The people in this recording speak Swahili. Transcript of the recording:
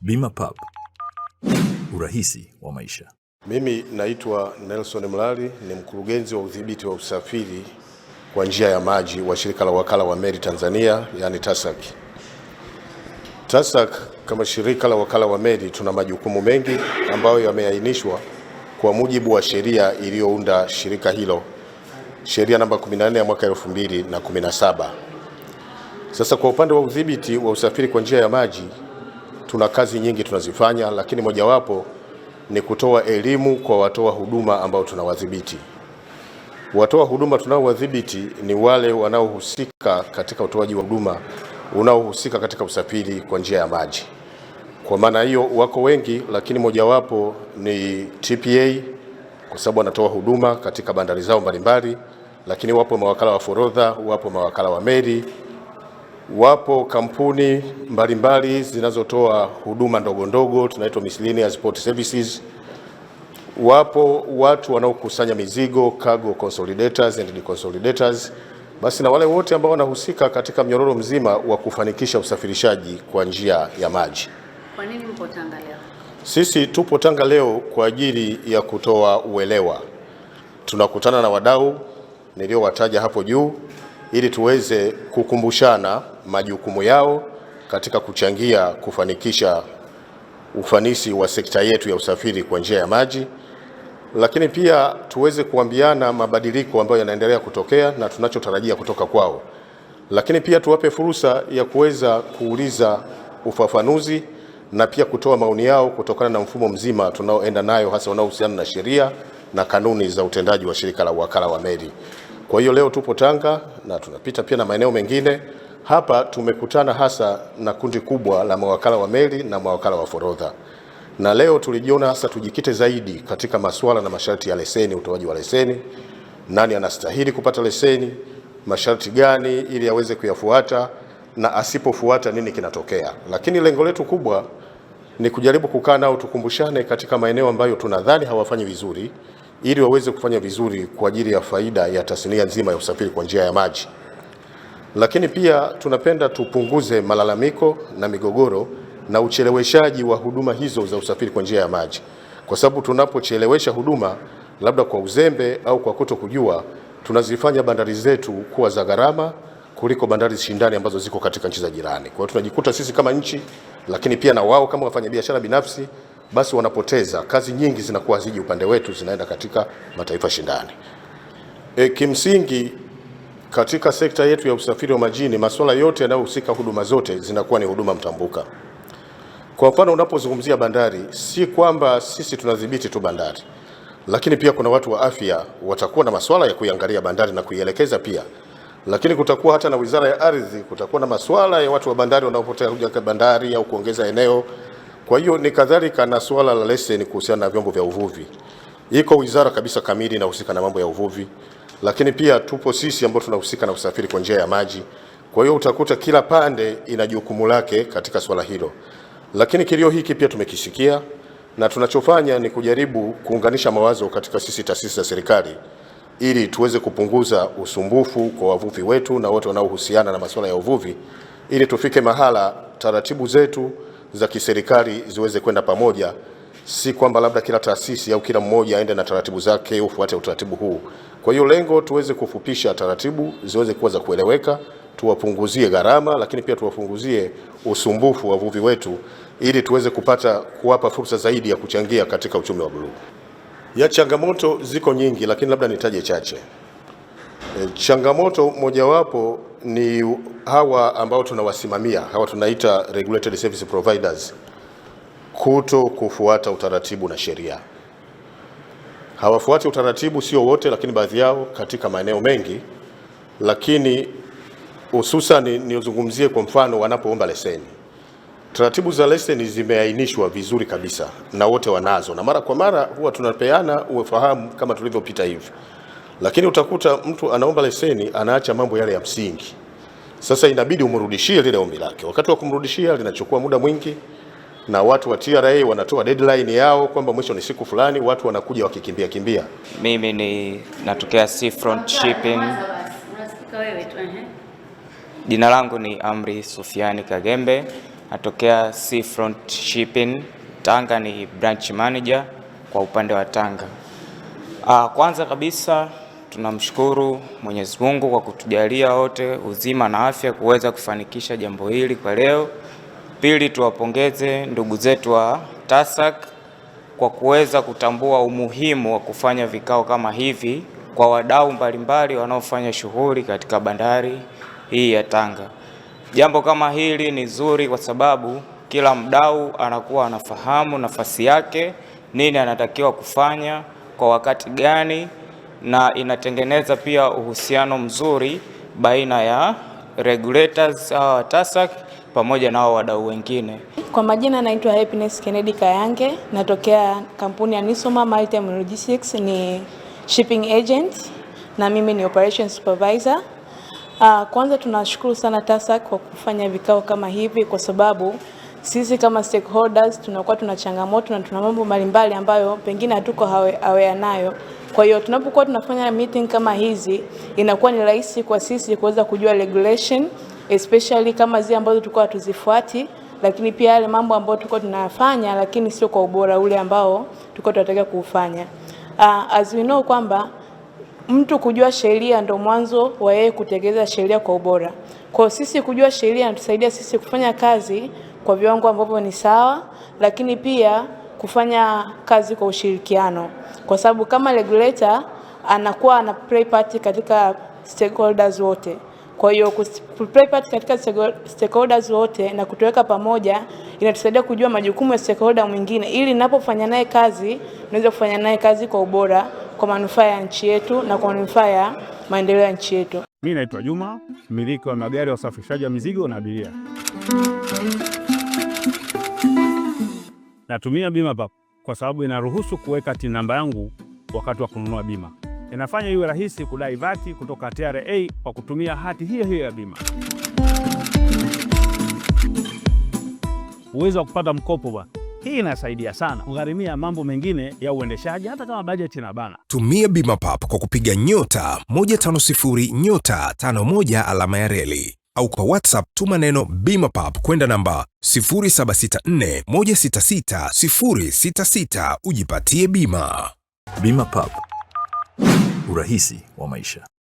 Bima pub urahisi wa maisha. Mimi naitwa Nelson Mlali, ni mkurugenzi wa udhibiti wa usafiri kwa njia ya maji wa shirika la wakala wa meli Tanzania, yani TASAC. TASAC kama shirika la wakala wa meli tuna majukumu mengi ambayo yameainishwa kwa mujibu wa sheria iliyounda shirika hilo, sheria namba 14 ya mwaka 2017. Sasa kwa upande wa udhibiti wa usafiri kwa njia ya maji tuna kazi nyingi tunazifanya, lakini mojawapo ni kutoa elimu kwa watoa huduma ambao tunawadhibiti. Watoa huduma tunaowadhibiti ni wale wanaohusika katika utoaji wa huduma unaohusika katika usafiri kwa njia ya maji. Kwa maana hiyo wako wengi, lakini mojawapo ni TPA kwa sababu wanatoa huduma katika bandari zao mbalimbali, lakini wapo mawakala wa forodha, wapo mawakala wa meli Wapo kampuni mbalimbali zinazotoa huduma ndogo ndogo tunaitwa miscellaneous port services. Wapo watu wanaokusanya mizigo cargo consolidators and deconsolidators. Basi na wale wote ambao wanahusika katika mnyororo mzima wa kufanikisha usafirishaji kwa njia ya maji. Kwa nini mpo Tanga leo? Sisi tupo Tanga leo kwa ajili ya kutoa uelewa. Tunakutana na wadau niliowataja hapo juu ili tuweze kukumbushana majukumu yao katika kuchangia kufanikisha ufanisi wa sekta yetu ya usafiri kwa njia ya maji, lakini pia tuweze kuambiana mabadiliko ambayo yanaendelea kutokea na tunachotarajia kutoka kwao, lakini pia tuwape fursa ya kuweza kuuliza ufafanuzi na pia kutoa maoni yao kutokana na mfumo mzima tunaoenda nayo, hasa unaohusiana na sheria na kanuni za utendaji wa shirika la uwakala wa meli. Kwa hiyo leo tupo Tanga na tunapita pia na maeneo mengine. Hapa tumekutana hasa na kundi kubwa la mawakala wa meli na mawakala wa forodha, na leo tulijiona hasa tujikite zaidi katika masuala na masharti ya leseni, utoaji wa leseni, nani anastahili kupata leseni, masharti gani ili aweze kuyafuata, na asipofuata nini kinatokea. Lakini lengo letu kubwa ni kujaribu kukaa nao tukumbushane katika maeneo ambayo tunadhani hawafanyi vizuri ili waweze kufanya vizuri kwa ajili ya faida ya tasnia nzima ya usafiri kwa njia ya maji. Lakini pia tunapenda tupunguze malalamiko na migogoro na ucheleweshaji wa huduma hizo za usafiri kwa njia ya maji, kwa sababu tunapochelewesha huduma labda kwa uzembe au kwa kuto kujua, tunazifanya bandari zetu kuwa za gharama kuliko bandari shindani ambazo ziko katika nchi za jirani. Kwa hiyo tunajikuta sisi kama nchi, lakini pia na wao kama wafanyabiashara binafsi basi wanapoteza kazi nyingi, zinakuwa haziji upande wetu, zinaenda katika mataifa shindani. E, kimsingi katika sekta yetu ya usafiri wa majini masuala yote yanayohusika, huduma zote zinakuwa ni huduma mtambuka. Kwa mfano, unapozungumzia bandari, si kwamba sisi tunadhibiti tu bandari, lakini pia kuna watu wa afya watakuwa na masuala ya kuiangalia bandari na kuielekeza pia, lakini kutakuwa hata na wizara ya ardhi, kutakuwa na masuala ya watu wa bandari wanaopotea kuja bandari au kuongeza eneo kwa hiyo ni kadhalika na suala la leseni kuhusiana na vyombo vya uvuvi, iko wizara kabisa kamili inahusika na mambo ya uvuvi, lakini pia tupo sisi ambao tunahusika na usafiri kwa njia ya maji. Kwa hiyo utakuta kila pande ina jukumu lake katika swala hilo, lakini kilio hiki pia tumekisikia na tunachofanya ni kujaribu kuunganisha mawazo katika sisi taasisi za serikali ili tuweze kupunguza usumbufu kwa wavuvi wetu na wote wanaohusiana na masuala ya uvuvi, ili tufike mahala taratibu zetu za kiserikali ziweze kwenda pamoja, si kwamba labda kila taasisi au kila mmoja aende na taratibu zake ufuate utaratibu huu. Kwa hiyo lengo tuweze kufupisha taratibu ziweze kuwa za kueleweka, tuwapunguzie gharama, lakini pia tuwapunguzie usumbufu wavuvi wetu, ili tuweze kupata kuwapa fursa zaidi ya kuchangia katika uchumi wa buluu. Ya changamoto ziko nyingi, lakini labda nitaje chache. E, changamoto mojawapo ni hawa ambao tunawasimamia hawa tunaita regulated service providers, kuto kufuata utaratibu na sheria. Hawafuati utaratibu, sio wote, lakini baadhi yao katika maeneo mengi, lakini hususan niuzungumzie kwa mfano, wanapoomba leseni. Taratibu za leseni zimeainishwa vizuri kabisa na wote wanazo, na mara kwa mara huwa tunapeana ufahamu kama tulivyopita hivi lakini utakuta mtu anaomba leseni anaacha mambo yale ya msingi. Sasa inabidi umrudishie lile ombi lake. Wakati wa kumrudishia linachukua muda mwingi, na watu wa TRA wanatoa deadline yao kwamba mwisho ni siku fulani, watu wanakuja wakikimbia kimbia. Mimi ni natokea Front Shipping. Jina langu ni Amri Sufiani Kagembe, natokea Front Shipping Tanga, ni branch manager kwa upande wa Tanga. Ah, kwanza kabisa tunamshukuru Mwenyezi Mungu kwa kutujalia wote uzima na afya kuweza kufanikisha jambo hili kwa leo. Pili, tuwapongeze ndugu zetu wa TASAC kwa kuweza kutambua umuhimu wa kufanya vikao kama hivi kwa wadau mbalimbali wanaofanya shughuli katika bandari hii ya Tanga. Jambo kama hili ni zuri kwa sababu kila mdau anakuwa anafahamu nafasi yake, nini anatakiwa kufanya kwa wakati gani na inatengeneza pia uhusiano mzuri baina ya regulators hawa uh, TASAC pamoja na wadau wengine. Kwa majina naitwa Happiness Kennedy Kayange, natokea kampuni ya Nisoma Maritime Logistics, ni shipping agent na mimi ni operations supervisor. Uh, kwanza tunashukuru sana TASAC kwa kufanya vikao kama hivi kwa sababu sisi kama stakeholders tunakuwa tuna changamoto na tuna mambo mbalimbali ambayo pengine hatuko aware nayo. Kwa hiyo tunapokuwa tunafanya meeting kama hizi, inakuwa ni rahisi kwa sisi kuweza kujua regulation, especially kama zile ambazo tulikuwa hatuzifuati, lakini pia yale mambo ambayo tulikuwa tunayafanya, lakini sio kwa ubora ule ambao tulikuwa tunataka kuufanya. Uh, as we know kwamba mtu kujua sheria ndo mwanzo wa yeye kutekeleza sheria kwa ubora. Kwa sisi kujua sheria inatusaidia sisi kufanya kazi kwa viwango ambavyo ni sawa, lakini pia kufanya kazi kwa ushirikiano, kwa sababu kama regulator anakuwa ana play part katika stakeholders wote. Kwa hiyo play part katika stakeholders wote na kutuweka pamoja inatusaidia kujua majukumu ya stakeholder mwingine, ili ninapofanya naye kazi naweza kufanya naye kazi kwa ubora, kwa manufaa ya nchi yetu na kwa manufaa ya maendeleo ya nchi yetu. Mimi naitwa Juma, mmiliki wa magari ya usafirishaji wa mizigo na abiria natumia bima papo kwa sababu inaruhusu kuweka TIN namba yangu wakati wa kununua bima. Inafanya iwe rahisi kudai vati kutoka TRA kwa kutumia hati hiyo hiyo ya bima. Uwezo wa kupata mkopo bwana, hii inasaidia sana kugharimia mambo mengine ya uendeshaji hata kama bajeti na bana. Tumia bima pap kwa kupiga nyota 150 nyota 51 alama ya reli au kwa WhatsApp tuma neno BIMAPAP kwenda namba 0764166066 ujipatie bima. bima BIMAPAP, urahisi wa maisha.